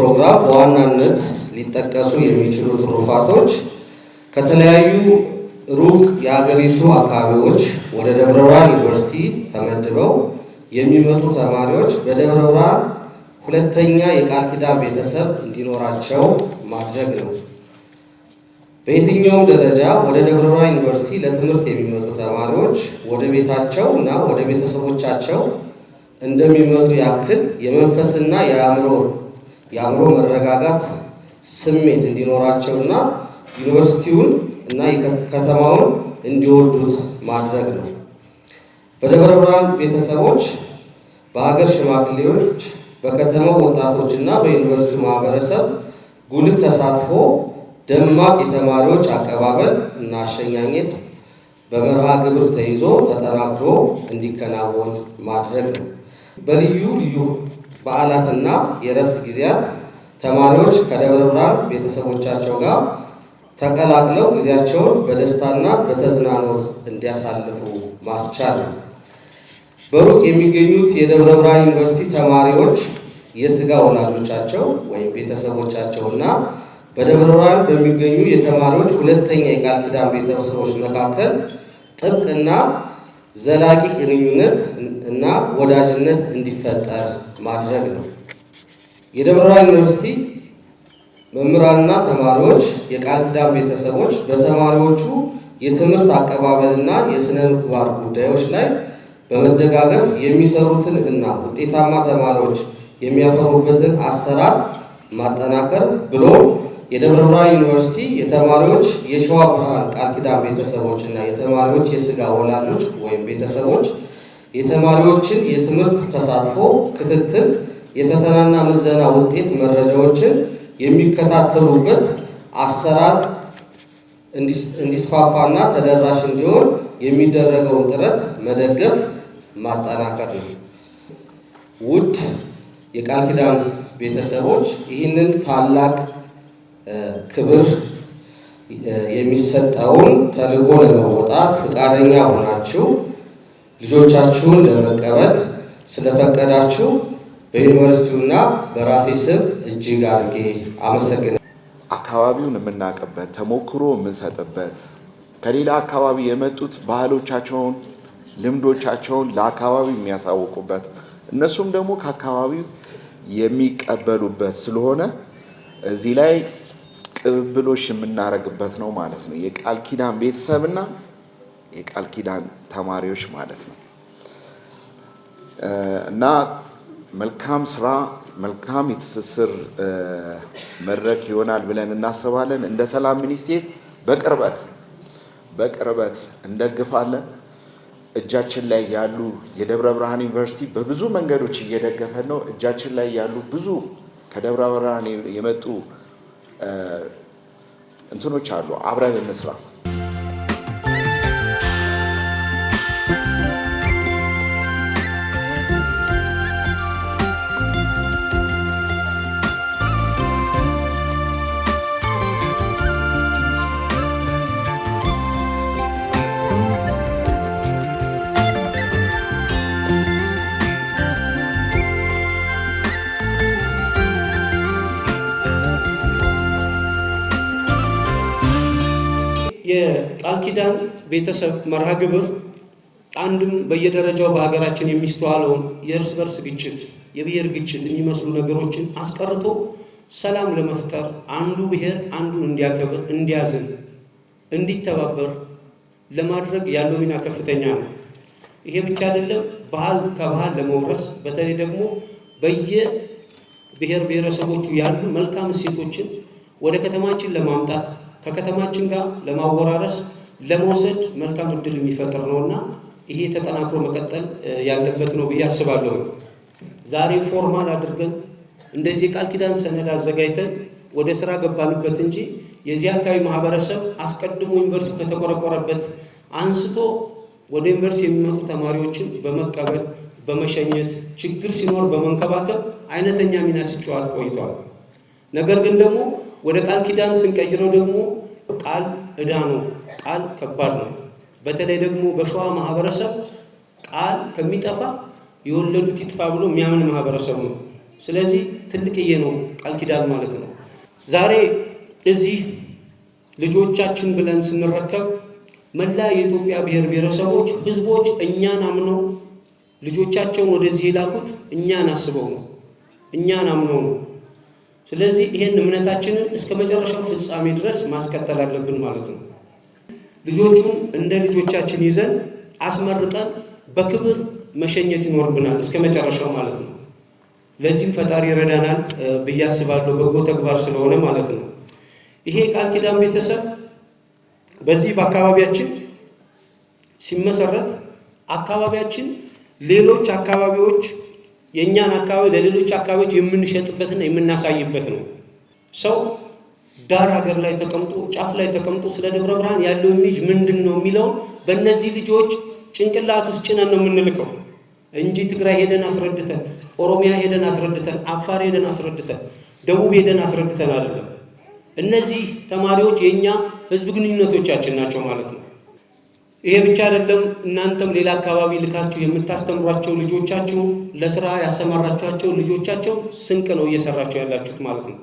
ፕሮግራም በዋናነት ሊጠቀሱ የሚችሉ ትሩፋቶች ከተለያዩ ሩቅ የሀገሪቱ አካባቢዎች ወደ ደብረ ብርሃን ዩኒቨርሲቲ ተመድበው የሚመጡ ተማሪዎች በደብረ ብርሃን ሁለተኛ የቃል ኪዳን ቤተሰብ እንዲኖራቸው ማድረግ ነው። በየትኛውም ደረጃ ወደ ደብረ ብርሃን ዩኒቨርሲቲ ለትምህርት የሚመጡ ተማሪዎች ወደ ቤታቸው እና ወደ ቤተሰቦቻቸው እንደሚመጡ ያክል የመንፈስና የአእምሮ የአእምሮ መረጋጋት ስሜት እንዲኖራቸውና ዩኒቨርሲቲውን እና ከተማውን እንዲወዱት ማድረግ ነው። በደብረ ብርሃን ቤተሰቦች በሀገር ሽማግሌዎች፣ በከተማው ወጣቶች እና በዩኒቨርሲቲው ማህበረሰብ ጉልህ ተሳትፎ ደማቅ የተማሪዎች አቀባበል እና አሸኛኘት በመርሃ ግብር ተይዞ ተጠናክሮ እንዲከናወን ማድረግ ነው። በልዩ ልዩ በዓላትና የእረፍት ጊዜያት ተማሪዎች ከደብረ ብርሃን ቤተሰቦቻቸው ጋር ተቀላቅለው ጊዜያቸውን በደስታና በተዝናኖት እንዲያሳልፉ ማስቻል በሩቅ የሚገኙት የደብረ ብርሃን ዩኒቨርሲቲ ተማሪዎች የስጋ ወላጆቻቸው ወይም ቤተሰቦቻቸውና በደብረ ብርሃን በሚገኙ የተማሪዎች ሁለተኛ የቃል ኪዳን ቤተሰቦች መካከል ጥብቅና ዘላቂ ግንኙነት እና ወዳጅነት እንዲፈጠር ማድረግ ነው። የደብረ ብርሃን ዩኒቨርሲቲ መምህራንና ተማሪዎች የቃል ኪዳን ቤተሰቦች በተማሪዎቹ የትምህርት አቀባበልና የስነ ምግባር ጉዳዮች ላይ በመደጋገፍ የሚሰሩትን እና ውጤታማ ተማሪዎች የሚያፈሩበትን አሰራር ማጠናከር ብሎ የደብረ ብርሃን ዩኒቨርሲቲ የተማሪዎች የሸዋ ብርሃን ቃል ኪዳን ቤተሰቦች እና የተማሪዎች የስጋ ወላጆች ወይም ቤተሰቦች የተማሪዎችን የትምህርት ተሳትፎ ክትትል፣ የፈተናና ምዘና ውጤት መረጃዎችን የሚከታተሉበት አሰራር እንዲስፋፋና ተደራሽ እንዲሆን የሚደረገውን ጥረት መደገፍ ማጠናከር ነው። ውድ የቃል ኪዳን ቤተሰቦች ይህንን ታላቅ ክብር የሚሰጠውን ተልዕኮ ለመወጣት ፈቃደኛ ሆናችሁ ልጆቻችሁን ለመቀበል ስለፈቀዳችሁ በዩኒቨርሲቲውና በራሴ ስም እጅግ አድርጌ አመሰግናለሁ። አካባቢውን የምናውቅበት ተሞክሮ የምንሰጥበት ከሌላ አካባቢ የመጡት ባህሎቻቸውን፣ ልምዶቻቸውን ለአካባቢው የሚያሳውቁበት እነሱም ደግሞ ከአካባቢው የሚቀበሉበት ስለሆነ እዚህ ላይ ቅብብሎሽ የምናደርግበት ነው ማለት ነው። የቃል ኪዳን ቤተሰብና የቃል ኪዳን ተማሪዎች ማለት ነው እና መልካም ስራ መልካም የትስስር መድረክ ይሆናል ብለን እናስባለን። እንደ ሰላም ሚኒስቴር በቅርበት በቅርበት እንደግፋለን። እጃችን ላይ ያሉ የደብረ ብርሃን ዩኒቨርሲቲ በብዙ መንገዶች እየደገፈ ነው። እጃችን ላይ ያሉ ብዙ ከደብረ ብርሃን የመጡ እንትኖች አሉ። አብረን እንስራ የቃል ኪዳን ቤተሰብ መርሃ ግብር አንድም በየደረጃው በሀገራችን የሚስተዋለውን የእርስ በርስ ግጭት፣ የብሔር ግጭት የሚመስሉ ነገሮችን አስቀርቶ ሰላም ለመፍጠር አንዱ ብሔር አንዱን እንዲያከብር፣ እንዲያዝን፣ እንዲተባበር ለማድረግ ያለው ሚና ከፍተኛ ነው። ይሄ ብቻ አይደለም። ባህል ከባህል ለመውረስ በተለይ ደግሞ በየብሔር ብሔረሰቦቹ ያሉ መልካም እሴቶችን ወደ ከተማችን ለማምጣት ከከተማችን ጋር ለማወራረስ ለመውሰድ መልካም እድል የሚፈጥር ነው እና ይሄ ተጠናክሮ መቀጠል ያለበት ነው ብዬ አስባለሁ። ዛሬ ፎርማል አድርገን እንደዚህ የቃል ኪዳን ሰነድ አዘጋጅተን ወደ ስራ ገባንበት እንጂ የዚህ አካባቢ ማህበረሰብ አስቀድሞ ዩኒቨርሲቲ ከተቆረቆረበት አንስቶ ወደ ዩኒቨርሲቲ የሚመጡ ተማሪዎችን በመቀበል በመሸኘት ችግር ሲኖር በመንከባከብ አይነተኛ ሚና ሲጫወት ቆይተዋል። ነገር ግን ደግሞ ወደ ቃል ኪዳን ስንቀይረው ደግሞ ቃል እዳ ነው። ቃል ከባድ ነው። በተለይ ደግሞ በሸዋ ማህበረሰብ ቃል ከሚጠፋ የወለዱት ይጥፋ ብሎ የሚያምን ማህበረሰብ ነው። ስለዚህ ትልቅዬ ነው ቃል ኪዳን ማለት ነው። ዛሬ እዚህ ልጆቻችን ብለን ስንረከብ መላ የኢትዮጵያ ብሔር ብሔረሰቦች ህዝቦች እኛን አምነው ልጆቻቸውን ወደዚህ የላኩት እኛን አስበው ነው፣ እኛን አምነው ነው። ስለዚህ ይሄን እምነታችንን እስከ መጨረሻው ፍጻሜ ድረስ ማስቀጠል አለብን ማለት ነው። ልጆቹን እንደ ልጆቻችን ይዘን አስመርጠን በክብር መሸኘት ይኖርብናል እስከ መጨረሻው ማለት ነው። ለዚህም ፈጣሪ ይረዳናል ብዬ አስባለሁ። በጎ ተግባር ስለሆነ ማለት ነው። ይሄ ቃል ኪዳን ቤተሰብ በዚህ በአካባቢያችን ሲመሰረት አካባቢያችን ሌሎች አካባቢዎች የእኛን አካባቢ ለሌሎች አካባቢዎች የምንሸጥበትና የምናሳይበት ነው። ሰው ዳር ሀገር ላይ ተቀምጦ ጫፍ ላይ ተቀምጦ ስለ ደብረ ብርሃን ያለው ኢሜጅ ምንድን ነው የሚለውን በእነዚህ ልጆች ጭንቅላት ውስጥ ጭነን ነው የምንልከው እንጂ ትግራይ ሄደን አስረድተን፣ ኦሮሚያ ሄደን አስረድተን፣ አፋር ሄደን አስረድተን፣ ደቡብ ሄደን አስረድተን አይደለም። እነዚህ ተማሪዎች የእኛ ህዝብ ግንኙነቶቻችን ናቸው ማለት ነው። ይሄ ብቻ አይደለም። እናንተም ሌላ አካባቢ ልካችሁ የምታስተምሯቸው ልጆቻችሁ፣ ለስራ ያሰማራችኋቸው ልጆቻቸው ስንቅ ነው እየሰራችሁ ያላችሁት ማለት ነው።